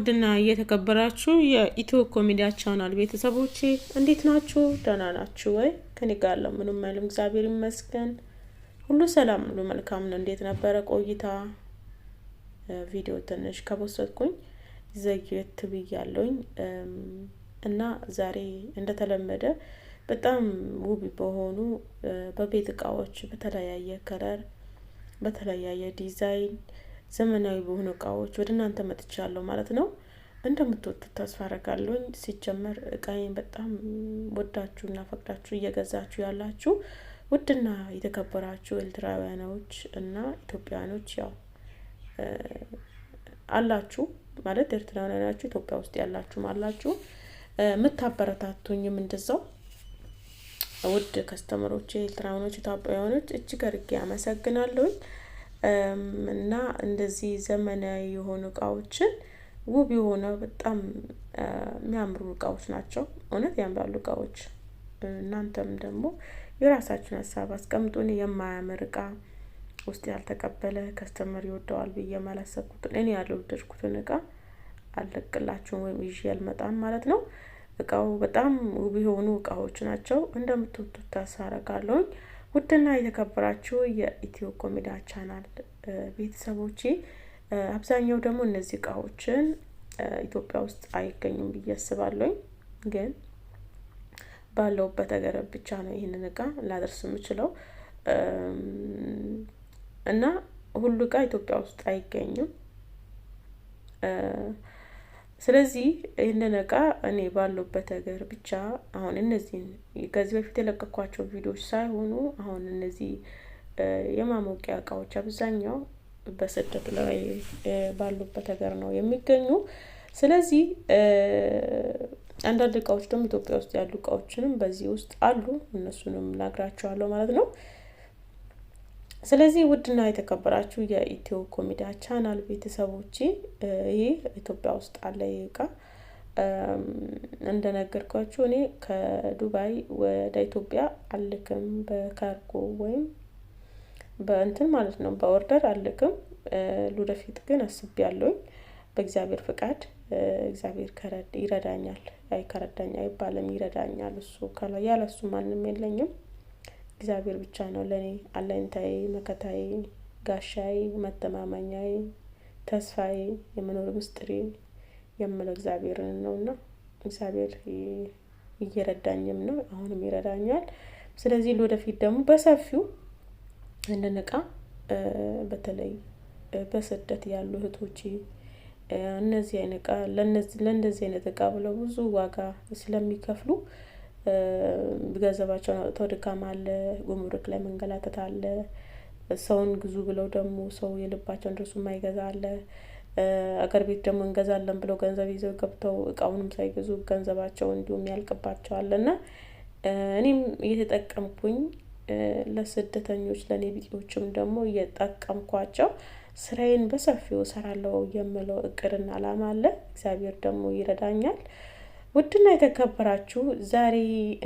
ውድና እየተከበራችሁ የኢትዮ ኮሜዲያ ቻናል ቤተሰቦቼ እንዴት ናችሁ? ደህና ናችሁ ወይ? ከኔ ጋር ለምንም አይልም እግዚአብሔር ይመስገን ሁሉ ሰላም፣ ሁሉ መልካም ነው። እንዴት ነበረ ቆይታ? ቪዲዮ ትንሽ ከበሰጥኩኝ ዘግየት ብያለሁኝ እና ዛሬ እንደተለመደ በጣም ውብ በሆኑ በቤት እቃዎች በተለያየ ከለር በተለያየ ዲዛይን ዘመናዊ በሆኑ እቃዎች ወደ እናንተ መጥቻለሁ ማለት ነው። እንደምትወዱት ተስፋ አረጋለሁኝ። ሲጀመር እቃዬን በጣም ወዳችሁ እና ፈቅዳችሁ እየገዛችሁ ያላችሁ ውድና የተከበራችሁ ኤርትራውያኖች እና ኢትዮጵያውያኖች ያው አላችሁ ማለት ኤርትራውያን ናችሁ፣ ኢትዮጵያ ውስጥ ያላችሁም አላችሁ የምታበረታቱኝም እንደዛው ውድ ከስተመሮች ኤርትራውያኖች፣ ኢትዮጵያውያኖች እጅግ አድርጌ አመሰግናለሁኝ። እና እንደዚህ ዘመናዊ የሆኑ እቃዎችን ውብ የሆነ በጣም የሚያምሩ እቃዎች ናቸው። እውነት ያምራሉ እቃዎች። እናንተም ደግሞ የራሳችሁን ሀሳብ አስቀምጡ። እኔ የማያምር እቃ ውስጥ ያልተቀበለ ከስተመር ይወደዋል ብዬ ያላሰብኩትን እኔ ያልወደድኩትን እቃ አልለቅላችሁም ወይም ይዤ አልመጣም ማለት ነው። እቃው በጣም ውብ የሆኑ እቃዎች ናቸው። እንደምትወዱት ተስፋ አደርጋለሁኝ። ውድና የተከበራችሁ የኢትዮ ኮሜዳ ቻናል ቤተሰቦቼ አብዛኛው ደግሞ እነዚህ እቃዎችን ኢትዮጵያ ውስጥ አይገኙም ብዬ አስባለሁኝ። ግን ባለውበት ሀገር ብቻ ነው ይህንን እቃ ላደርስ የምችለው እና ሁሉ እቃ ኢትዮጵያ ውስጥ አይገኝም። ስለዚህ ይህንን እቃ እኔ ባለበት ሀገር ብቻ አሁን እነዚህን ከዚህ በፊት የለቀኳቸው ቪዲዮዎች ሳይሆኑ አሁን እነዚህ የማሞቂያ እቃዎች አብዛኛው በስደት ላይ ባሉበት ሀገር ነው የሚገኙ። ስለዚህ አንዳንድ እቃዎች ደግሞ ኢትዮጵያ ውስጥ ያሉ እቃዎችንም በዚህ ውስጥ አሉ። እነሱንም ናግራቸዋለሁ ማለት ነው። ስለዚህ ውድና የተከበራችሁ የኢትዮ ኮሚዲያ ቻናል ቤተሰቦች ይህ ኢትዮጵያ ውስጥ አለ ይቃ እቃ እንደነገርኳችሁ እኔ ከዱባይ ወደ ኢትዮጵያ አልክም፣ በካርጎ ወይም በእንትን ማለት ነው በኦርደር አልክም። ለወደፊት ግን ያለውኝ በእግዚአብሔር ፍቃድ እግዚአብሔር ይረዳኛል። አይ ከረዳኝ አይባልም፣ ይረዳኛል። እሱ ያለሱ ማንም የለኝም። እግዚአብሔር ብቻ ነው ለእኔ አለኝታዬ፣ መከታዬ፣ ጋሻዬ፣ መተማመኛዬ፣ ተስፋዬ፣ የመኖር ምስጢሬ የምለው እግዚአብሔርን ነው እና እግዚአብሔር እየረዳኝም ነው፣ አሁንም ይረዳኛል። ስለዚህ ለወደፊት ደግሞ በሰፊው እንነቃ። በተለይ በስደት ያሉ እህቶቼ እነዚህ አይነት ለእንደዚህ አይነት እቃ ብለው ብዙ ዋጋ ስለሚከፍሉ ገንዘባቸውን አውጥተው ድካም አለ፣ ጉምሩክ ላይ መንገላተት አለ። ሰውን ግዙ ብለው ደግሞ ሰው የልባቸውን ድርሱ የማይገዛ አለ። አገር ቤት ደግሞ እንገዛለን ብለው ገንዘብ ይዘው ገብተው እቃውንም ሳይገዙ ገንዘባቸው እንዲሁም ያልቅባቸዋል። እና እኔም እየተጠቀምኩኝ ለስደተኞች ለእኔ ቢጤዎችም ደግሞ እየጠቀምኳቸው ስራዬን በሰፊው ሰራለው የምለው እቅድና አላማ አለ። እግዚአብሔር ደግሞ ይረዳኛል። ውድና የተከበራችሁ ዛሬ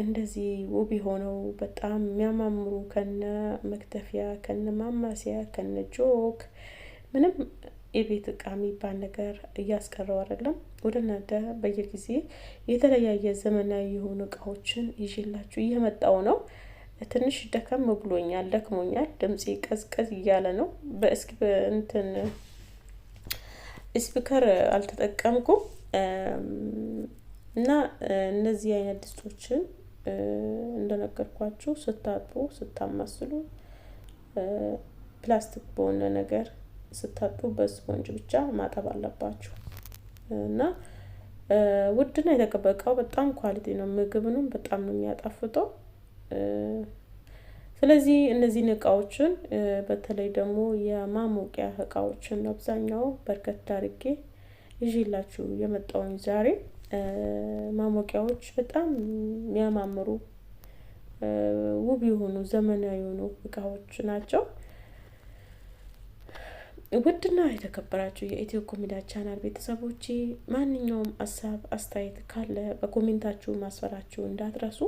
እንደዚህ ውብ የሆነው በጣም የሚያማምሩ ከነ መክተፊያ ከነ ማማሲያ ከነ ጆክ ምንም የቤት እቃ የሚባል ነገር እያስቀረው አይደለም። ወደ እናንተ በየጊዜ የተለያየ ዘመናዊ የሆኑ እቃዎችን ይዤላችሁ እየመጣው ነው። ትንሽ ደከም ብሎኛል፣ ደክሞኛል። ድምፄ ቀዝቀዝ እያለ ነው። በእስኪ እንትን ስፒከር አልተጠቀምኩም። እና እነዚህ አይነት ድስቶችን እንደነገርኳችሁ ስታጥቡ ስታማስሉ ፕላስቲክ በሆነ ነገር ስታጥቡ በስፖንጅ ብቻ ማጠብ አለባችሁ እና ውድና የተቀበቀው በጣም ኳሊቲ ነው። ምግብንም በጣም ነው የሚያጣፍጠው። ስለዚህ እነዚህን እቃዎችን በተለይ ደግሞ የማሞቂያ እቃዎችን አብዛኛው በርከት አድርጌ ይዤላችሁ የመጣውኝ ዛሬ ማሞቂያዎች በጣም የሚያማምሩ ውብ የሆኑ ዘመናዊ የሆኑ እቃዎች ናቸው። ውድና የተከበራችሁ የኢትዮ ኮሚዳ ቻናል ቤተሰቦቼ ማንኛውም ሀሳብ አስተያየት ካለ በኮሜንታችሁ ማስፈራችሁ እንዳትረሱ።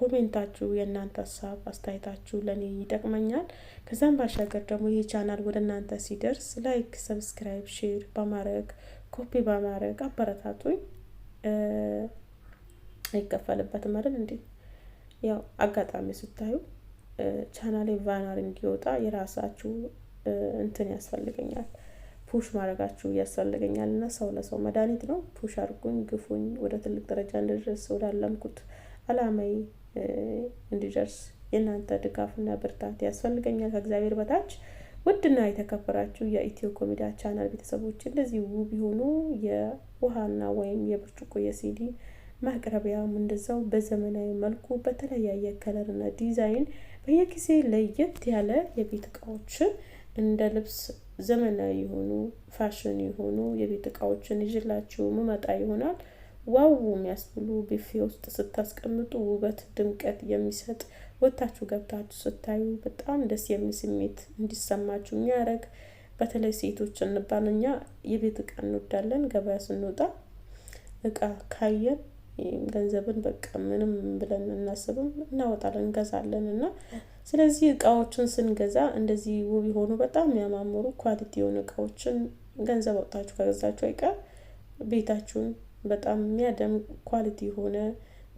ኮሜንታችሁ የእናንተ ሀሳብ አስተያየታችሁ ለእኔ ይጠቅመኛል። ከዛም ባሻገር ደግሞ ይህ ቻናል ወደ እናንተ ሲደርስ ላይክ፣ ሰብስክራይብ፣ ሼር በማድረግ ኮፒ በማድረግ አበረታቱኝ። አይከፈልበትም አይደል እንዴ? ያው አጋጣሚ ስታዩ ቻናሌ ቫይራል እንዲወጣ የራሳችሁ እንትን ያስፈልገኛል፣ ፑሽ ማድረጋችሁ ያስፈልገኛል። እና ሰው ለሰው መድኃኒት ነው። ፑሽ አድርጉኝ፣ ግፉኝ፣ ወደ ትልቅ ደረጃ እንድደርስ ወዳለምኩት አላማይ እንዲደርስ የእናንተ ድጋፍና ብርታት ያስፈልገኛል ከእግዚአብሔር በታች። ውድና የተከበራችሁ የኢትዮ ኮሚዲያ ቻናል ቤተሰቦች እንደዚህ ውብ የሆኑ ውሃና ወይም የብርጭቆ የሲዲ ማቅረቢያም እንደዛው በዘመናዊ መልኩ በተለያየ ከለርና ዲዛይን በየጊዜ ለየት ያለ የቤት እቃዎችን እንደ ልብስ ዘመናዊ የሆኑ ፋሽን የሆኑ የቤት እቃዎችን ይዤላችሁ ምመጣ ይሆናል። ዋው የሚያስብሉ ቢፌ ውስጥ ስታስቀምጡ ውበት ድምቀት የሚሰጥ ወታችሁ ገብታችሁ ስታዩ በጣም ደስ የሚል ስሜት እንዲሰማችሁ የሚያደርግ በተለይ ሴቶች እንባን እኛ የቤት እቃ እንወዳለን። ገበያ ስንወጣ እቃ ካየን ገንዘብን በቃ ምንም ብለን እናስብም፣ እናወጣለን፣ እንገዛለን እና ስለዚህ እቃዎችን ስንገዛ እንደዚህ ውብ የሆኑ በጣም የሚያማምሩ ኳሊቲ የሆኑ እቃዎችን ገንዘብ ወጣችሁ ከገዛችሁ አይቀር ቤታችሁን በጣም የሚያደም ኳሊቲ የሆነ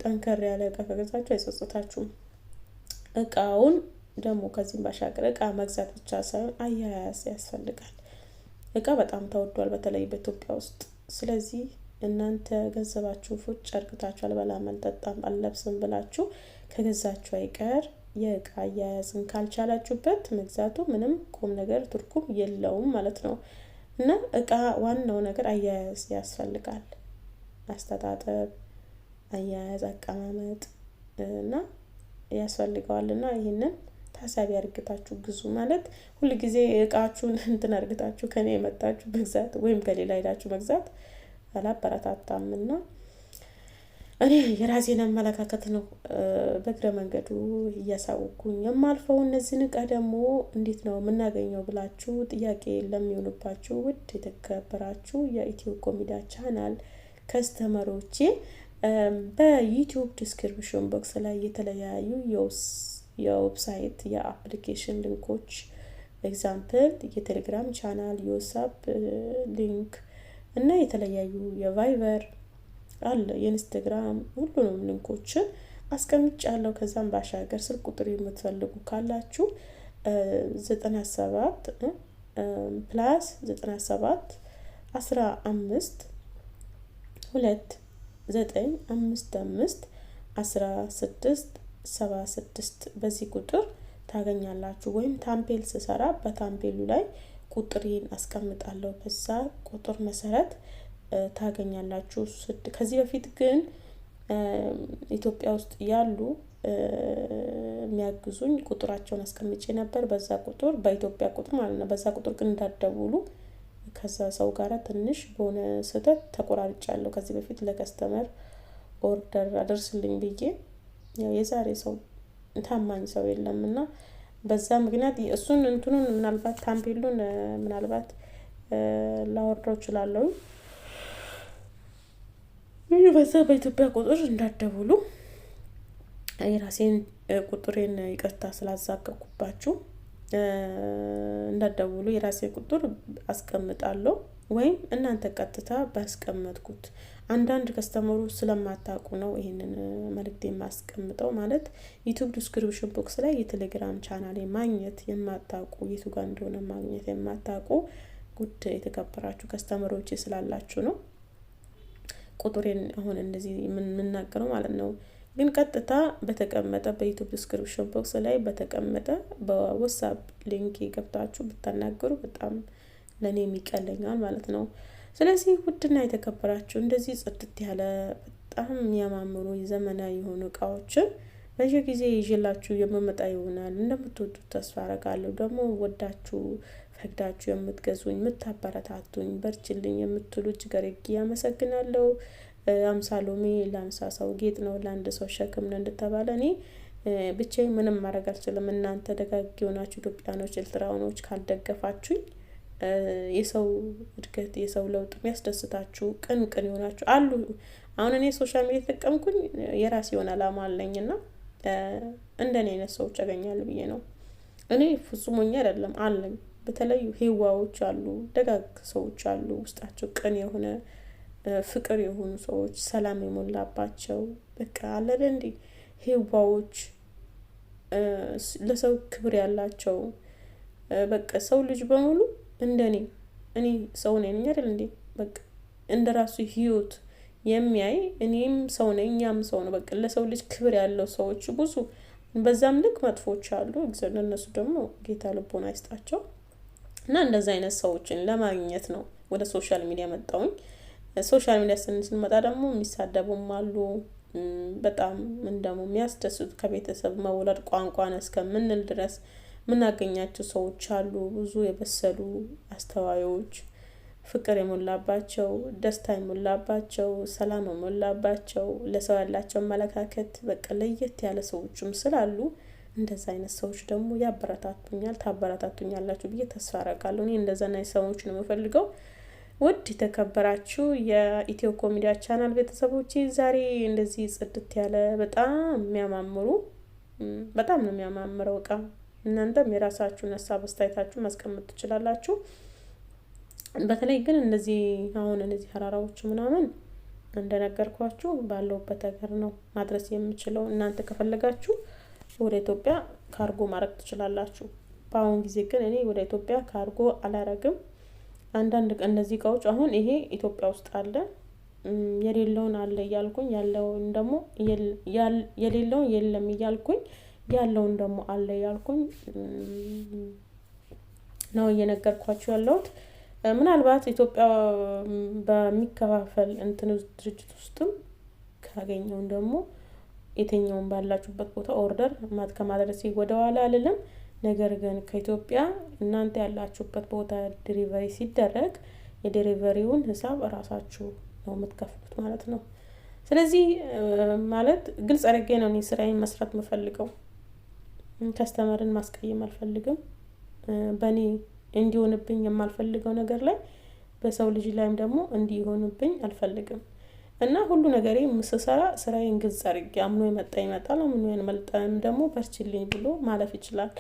ጠንከር ያለ እቃ ከገዛችሁ አይጸጽታችሁም። እቃውን ደግሞ ከዚህም ባሻገር እቃ መግዛት ብቻ ሳይሆን አያያዝ ያስፈልጋል። እቃ በጣም ተወዷል፣ በተለይ በኢትዮጵያ ውስጥ። ስለዚህ እናንተ ገንዘባችሁ ፉጭ እርግታችሁ አልበላም አልጠጣም አልለብስም ብላችሁ ከገዛችሁ አይቀር የእቃ አያያዝን ካልቻላችሁበት መግዛቱ ምንም ቁም ነገር ትርጉም የለውም ማለት ነው። እና እቃ ዋናው ነገር አያያዝ ያስፈልጋል። አስተጣጠብ፣ አያያዝ፣ አቀማመጥ እና ያስፈልገዋል እና ይህንን ታሳቢ አርግታችሁ ግዙ ማለት ጊዜ እቃችሁን እንትን አርግታችሁ ከኔ የመጣችሁ መግዛት ወይም ከሌላ ሄዳችሁ መግዛት አላበረታታም እና እኔ የራሴን አመለካከት ነው በእግረ መንገዱ እያሳውኩኝ የማልፈው። እነዚህን እቃ ደግሞ እንዴት ነው የምናገኘው ብላችሁ ጥያቄ ለሚሆንባችሁ ውድ የተከበራችሁ የኢትዮ ኮሚዳ ቻናል ከስተመሮቼ በዩቲዩብ ዲስክሪፕሽን ቦክስ ላይ የተለያዩ የውስ የዌብሳይት የአፕሊኬሽን ሊንኮች ኤግዛምፕል የቴሌግራም ቻናል፣ የዋትሳፕ ሊንክ እና የተለያዩ የቫይበር አለ የኢንስታግራም ሁሉንም ሊንኮችን አስቀምጫለሁ። ከዛም ባሻገር ስልክ ቁጥር የምትፈልጉ ካላችሁ ዘጠና ሰባት ፕላስ ዘጠና ሰባት አስራ አምስት ሁለት ዘጠኝ አምስት አምስት አስራ ስድስት 76 በዚህ ቁጥር ታገኛላችሁ። ወይም ታምፔል ስሰራ በታምፔሉ ላይ ቁጥሬን አስቀምጣለሁ። በዛ ቁጥር መሰረት ታገኛላችሁ። ከዚህ በፊት ግን ኢትዮጵያ ውስጥ ያሉ የሚያግዙኝ ቁጥራቸውን አስቀምጬ ነበር። በዛ ቁጥር በኢትዮጵያ ቁጥር ማለት ነው። በዛ ቁጥር ግን እንዳደውሉ ከዛ ሰው ጋር ትንሽ በሆነ ስህተት ተቆራርጫለሁ። ከዚህ በፊት ለከስተመር ኦርደር አደርስልኝ ብዬ ያው የዛሬ ሰው ታማኝ ሰው የለም እና በዛ ምክንያት እሱን እንትኑን ምናልባት ታምፔሉን ምናልባት ላወርደው እችላለሁ። በዛ በኢትዮጵያ ቁጥር እንዳትደውሉ የራሴን ቁጥሬን ይቅርታ ስላዛቀኩባችሁ እንዳትደውሉ የራሴ ቁጥር አስቀምጣለሁ። ወይም እናንተ ቀጥታ ባስቀመጥኩት አንዳንድ ከስተመሩ ስለማታውቁ ነው ይህንን መልእክት የማስቀምጠው። ማለት ዩቱብ ዲስክሪፕሽን ቦክስ ላይ የቴሌግራም ቻናል ማግኘት የማታውቁ የቱ ጋር እንደሆነ ማግኘት የማታውቁ ጉድ የተከበራችሁ ከስተመሮች ስላላችሁ ነው ቁጥሬን አሁን እንደዚህ የምናገረው ማለት ነው። ግን ቀጥታ በተቀመጠ በዩቱብ ዲስክሪፕሽን ቦክስ ላይ በተቀመጠ በወሳብ ሊንክ ገብታችሁ ብታናገሩ በጣም ለእኔ የሚቀለኛል ማለት ነው። ስለዚህ ውድና የተከበራችሁ እንደዚህ ጽድት ያለ በጣም የሚያማምሩ ዘመናዊ የሆኑ እቃዎችን ጊዜ ይዤላችሁ የምመጣ ይሆናል። እንደምትወዱት ተስፋ አረጋለሁ። ደግሞ ወዳችሁ ፈቅዳችሁ የምትገዙኝ የምታበረታቱኝ፣ በርችልኝ የምትሉ እጅግ አመሰግናለሁ አምሳ ሎሚ ለአምሳ ሰው ጌጥ ነው፣ ለአንድ ሰው ሸክም ነው እንደተባለ እኔ ብቻዬን ምንም ማድረግ አልችልም። እናንተ ደጋግ የሆናችሁ ኢትዮጵያኖች፣ ኤርትራውያኖች ካልደገፋችሁኝ የሰው እድገት የሰው ለውጥ የሚያስደስታችሁ ቅን ቅን የሆናችሁ አሉ። አሁን እኔ ሶሻል ሚዲያ የተጠቀምኩኝ የራሴ የሆነ አላማ አለኝ እና እንደኔ አይነት ሰዎች ያገኛሉ ብዬ ነው። እኔ ፍጹሞኛ አይደለም አለኝ። በተለዩ ሄዋዎች አሉ፣ ደጋግ ሰዎች አሉ፣ ውስጣቸው ቅን የሆነ ፍቅር የሆኑ ሰዎች፣ ሰላም የሞላባቸው በቃ አለደ እንዲ ሄዋዎች ለሰው ክብር ያላቸው በቃ ሰው ልጅ በሙሉ እንደኔ እኔ ሰው ነኝ አይደል እንዴ? በቃ እንደ ራሱ ህይወት የሚያይ እኔም ሰው ነኝ፣ እኛም ሰው ነው። በቃ ለሰው ልጅ ክብር ያለው ሰዎች ብዙ በዛም ልክ መጥፎች አሉ። ለእነሱ ደግሞ ጌታ ልቦን አይስጣቸው እና እንደዚህ አይነት ሰዎችን ለማግኘት ነው ወደ ሶሻል ሚዲያ መጣውኝ። ሶሻል ሚዲያ ስንመጣ ደግሞ የሚሳደቡም አሉ በጣም ምን ደግሞ የሚያስደስቱ ከቤተሰብ መውለድ ቋንቋን እስከምንል ድረስ የምናገኛቸው ሰዎች አሉ። ብዙ የበሰሉ አስተዋዮች፣ ፍቅር የሞላባቸው፣ ደስታ የሞላባቸው፣ ሰላም የሞላባቸው፣ ለሰው ያላቸው አመለካከት በቃ ለየት ያለ ሰዎችም ስላሉ እንደዛ አይነት ሰዎች ደግሞ ያበረታቱኛል። ታበረታቱኛላችሁ ብዬ ተስፋ አረጋለሁ። እኔ እንደዛ ናይ ሰዎች ነው የምፈልገው። ውድ የተከበራችሁ የኢትዮ ኮሚዲያ ቻናል ቤተሰቦቼ ዛሬ እንደዚህ ጽድት ያለ በጣም የሚያማምሩ በጣም ነው የሚያማምረው እቃ እናንተም የራሳችሁን ሀሳብ አስተያየታችሁ ማስቀመጥ ትችላላችሁ። በተለይ ግን እነዚህ አሁን እነዚህ ተራራዎች ምናምን እንደነገርኳችሁ ባለውበት ሀገር ነው ማድረስ የምችለው። እናንተ ከፈለጋችሁ ወደ ኢትዮጵያ ካርጎ ማድረግ ትችላላችሁ። በአሁን ጊዜ ግን እኔ ወደ ኢትዮጵያ ካርጎ አላረግም። አንዳንድ እነዚህ እቃዎች አሁን ይሄ ኢትዮጵያ ውስጥ አለ የሌለውን አለ እያልኩኝ ያለውን ደግሞ የሌለውን የለም እያልኩኝ ያለውን ደግሞ አለ ያልኩኝ ነው እየነገርኳቸው ያለሁት። ምናልባት ኢትዮጵያ በሚከፋፈል እንትን ድርጅት ውስጥም ካገኘውን ደግሞ የትኛውን ባላችሁበት ቦታ ኦርደር ማት ከማድረሴ ወደኋላ አልልም። ነገር ግን ከኢትዮጵያ እናንተ ያላችሁበት ቦታ ዲሪቨሪ ሲደረግ የዲሪቨሪውን ሂሳብ እራሳችሁ ነው የምትከፍሉት ማለት ነው። ስለዚህ ማለት ግልጽ አድርጌ ነው እኔ ስራዬን መስራት የምፈልገው። ከስተመርን ማስቀየም አልፈልግም። በእኔ እንዲሆንብኝ የማልፈልገው ነገር ላይ በሰው ልጅ ላይም ደግሞ እንዲሆንብኝ አልፈልግም እና ሁሉ ነገሬ ምስሰራ ስራዬን ግልጽ አድርጌ አምኖ የመጣ ይመጣል፣ አምኖ ያልመጣም ደግሞ በርችልኝ ብሎ ማለፍ ይችላል።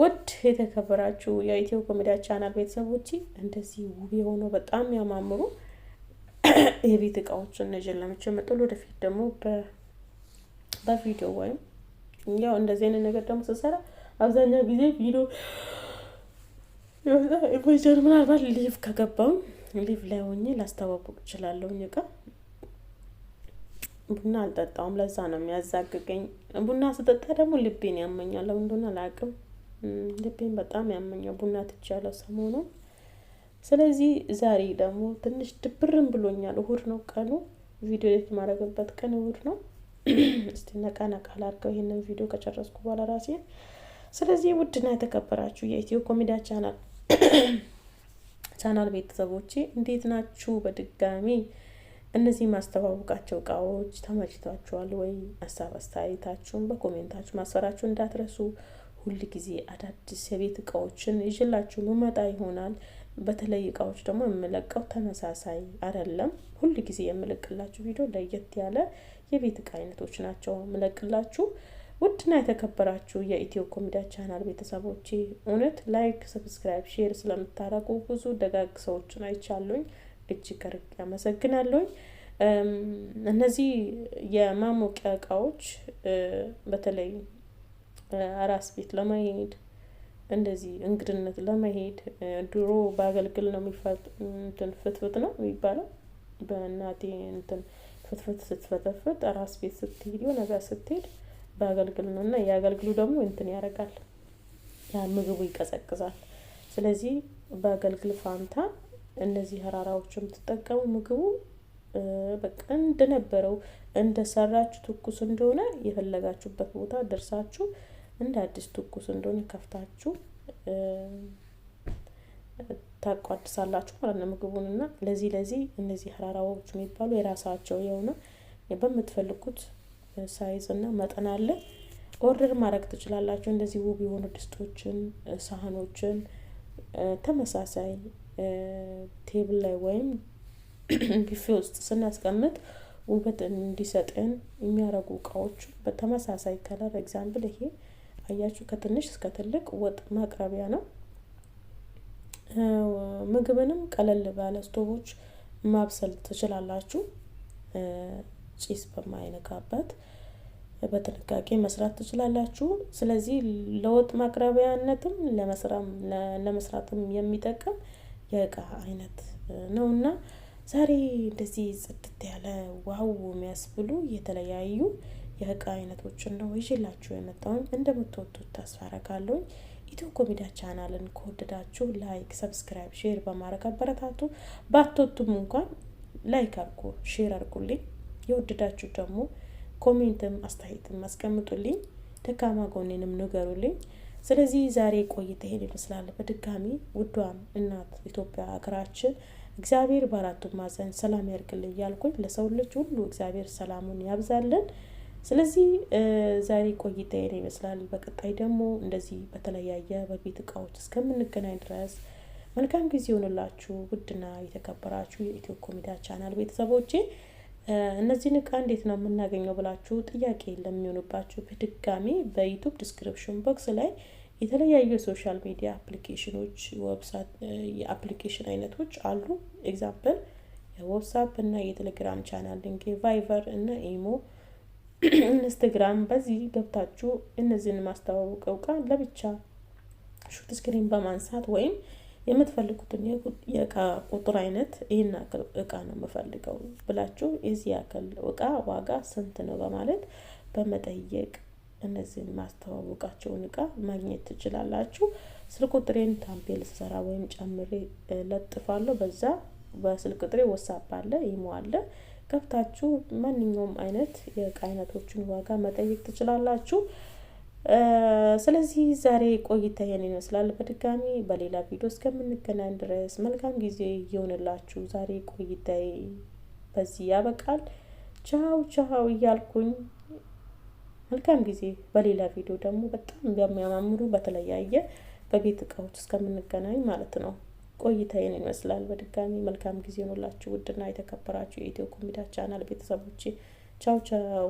ውድ የተከበራችሁ የኢትዮ ኮሜዲያ ቻናል ቤተሰቦች እንደዚህ ውብ የሆነው በጣም ያማምሩ የቤት እቃዎችን ነጀን ለምቸው መጠል ወደፊት ደግሞ በቪዲዮ ወይም ያው እንደዚህ አይነት ነገር ደግሞ ስሰራ አብዛኛው ጊዜ ቪዲዮ ኢንፎርሜሽን ምናልባት ሊቭ ከገባው ሊቭ ላይ ሆኜ ላስተዋወቅ እችላለሁ። እቃ ቡና አልጠጣውም፣ ለዛ ነው የሚያዛግገኝ። ቡና ስጠጣ ደግሞ ልቤን ያመኛል። እንደሆነ አላውቅም፣ ልቤን በጣም ያመኛል። ቡና ትቻለው ሰሞኑ። ስለዚህ ዛሬ ደግሞ ትንሽ ድብርም ብሎኛል። እሁድ ነው ቀኑ፣ ቪዲዮ የማደርግበት ቀን እሁድ ነው። እስቲ ነቃ ነቃ ላድርገው ይህንን ቪዲዮ ከጨረስኩ በኋላ ራሴን። ስለዚህ ውድና የተከበራችሁ የኢትዮ ኮሜዲያ ቻናል ቻናል ቤተሰቦቼ እንዴት ናችሁ? በድጋሚ እነዚህ ማስተዋወቃቸው እቃዎች ተመችቷችኋል ወይ? ሀሳብ አስተያየታችሁን በኮሜንታችሁ ማስፈራችሁ እንዳትረሱ። ሁል ጊዜ አዳዲስ የቤት እቃዎችን ይዤላችሁ ልመጣ ይሆናል። በተለይ እቃዎች ደግሞ የምለቀው ተመሳሳይ አይደለም። ሁል ጊዜ የምለቅላችሁ ቪዲዮ ለየት ያለ የቤት እቃ አይነቶች ናቸው ምለቅላችሁ። ውድና የተከበራችሁ የኢትዮ ኮሚዲያ ቻናል ቤተሰቦች እውነት ላይክ፣ ሰብስክራይብ፣ ሼር ስለምታረቁ ብዙ ደጋግ ሰዎችን አይቻሉኝ እጅግ ከርቅ ያመሰግናለኝ። እነዚህ የማሞቂያ እቃዎች በተለይ አራስ ቤት ለመሄድ እንደዚህ እንግድነት ለመሄድ ድሮ በአገልግል ነው የሚፈትፍት ነው የሚባለው በእናቴ እንትን ፍትፍት ስትፈተፍት ራስ ቤት ስትሄድ የሆነ ጋር ስትሄድ በአገልግል ነው እና የአገልግሉ ደግሞ እንትን ያደርጋል ያ ምግቡ ይቀዘቅዛል። ስለዚህ በአገልግል ፋንታ እነዚህ ሀራራዎች የምትጠቀሙ ምግቡ በቃ እንደነበረው እንደሰራችሁ ትኩስ እንደሆነ የፈለጋችሁበት ቦታ ደርሳችሁ እንደ አዲስ ትኩስ እንደሆነ ከፍታችሁ ታቋድሳላችሁ ማለት ነው ምግቡን እና ለዚህ ለዚህ እነዚህ ሀራራዎች የሚባሉ የራሳቸው የሆነ በምትፈልጉት ሳይዝ እና መጠን አለ ኦርደር ማድረግ ትችላላችሁ። እንደዚህ ውብ የሆኑ ድስቶችን፣ ሳህኖችን ተመሳሳይ ቴብል ላይ ወይም ቢፌ ውስጥ ስናስቀምጥ ውበት እንዲሰጥን የሚያደርጉ እቃዎች በተመሳሳይ ከለር ኤግዛምፕል ይሄ አያችሁ ከትንሽ እስከ ትልቅ ወጥ ማቅረቢያ ነው። ምግብንም ቀለል ባለ ስቶቦች ማብሰል ትችላላችሁ። ጭስ በማይነካበት በጥንቃቄ መስራት ትችላላችሁ። ስለዚህ ለወጥ ማቅረቢያነትም ለመስራትም የሚጠቅም የእቃ አይነት ነው እና ዛሬ እንደዚህ ጽድት ያለ ዋው የሚያስብሉ የተለያዩ የእቃ አይነቶችን ነው ይዤላችሁ የመጣሁኝ። እንደምትወጡት ተስፋ አደርጋለሁኝ። ኢትዮ ኮሜዲያ ቻናልን ከወደዳችሁ ላይክ፣ ሰብስክራይብ፣ ሼር በማድረግ አበረታቱ። ባትወዱም እንኳን ላይክ አርጉ፣ ሼር አርጉልኝ። የወደዳችሁ ደግሞ ኮሜንትም አስተያየትም አስቀምጡልኝ። ደካማ ጎኔንም ንገሩልኝ። ስለዚህ ዛሬ ቆይታ ይሄን ይመስላል። በድጋሚ ውዷን እናት ኢትዮጵያ ሀገራችን እግዚአብሔር በአራቱ ማዕዘን ሰላም ያርግልን እያልኩኝ ለሰው ልጅ ሁሉ እግዚአብሔር ሰላሙን ያብዛልን። ስለዚህ ዛሬ ቆይታዬን ይመስላል። በቀጣይ ደግሞ እንደዚህ በተለያየ በቤት እቃዎች እስከምንገናኝ ድረስ መልካም ጊዜ ይሆንላችሁ። ውድና የተከበራችሁ የኢትዮ ኮሚዳ ቻናል ቤተሰቦቼ እነዚህን እቃ እንዴት ነው የምናገኘው ብላችሁ ጥያቄ ለሚሆኑባችሁ በድጋሚ በዩቱብ ዲስክሪፕሽን ቦክስ ላይ የተለያዩ የሶሻል ሚዲያ አፕሊኬሽኖች ወብሳይት የአፕሊኬሽን አይነቶች አሉ። ኤግዛምፕል የዋትስአፕ እና የቴሌግራም ቻናል ሊንክ፣ ቫይቨር እና ኢሞ ኢንስታግራም በዚህ ገብታችሁ እነዚህን ማስተዋወቀው እቃ ለብቻ ሹት ስክሪን በማንሳት ወይም የምትፈልጉትን የእቃ ቁጥር አይነት ይህን ያክል እቃ ነው የምፈልገው ብላችሁ የዚህ ያክል እቃ ዋጋ ስንት ነው በማለት በመጠየቅ እነዚህን ማስተዋወቃቸውን እቃ ማግኘት ትችላላችሁ። ስልክ ቁጥሬን ታምፔል ስሰራ ወይም ጨምሬ ለጥፋለሁ። በዛ በስልክ ቁጥሬ ወሳብ አለ፣ ኢሞ አለ። ገብታችሁ ማንኛውም አይነት የእቃ አይነቶችን ዋጋ መጠየቅ ትችላላችሁ። ስለዚህ ዛሬ ቆይታ ይሄን ይመስላል። በድጋሚ በሌላ ቪዲዮ እስከምንገናኝ ድረስ መልካም ጊዜ ይሆንላችሁ። ዛሬ ቆይታ በዚህ ያበቃል። ቻው ቻው እያልኩኝ መልካም ጊዜ። በሌላ ቪዲዮ ደግሞ በጣም የሚያማምሩ በተለያየ በቤት እቃዎች እስከምንገናኝ ማለት ነው። ቆይታዬን ይመስላል። በድጋሚ መልካም ጊዜ ሆኖላችሁ ውድና የተከበራችሁ የኢትዮ ኮሚዳ ቻናል ቤተሰቦቼ ቻው ቻው።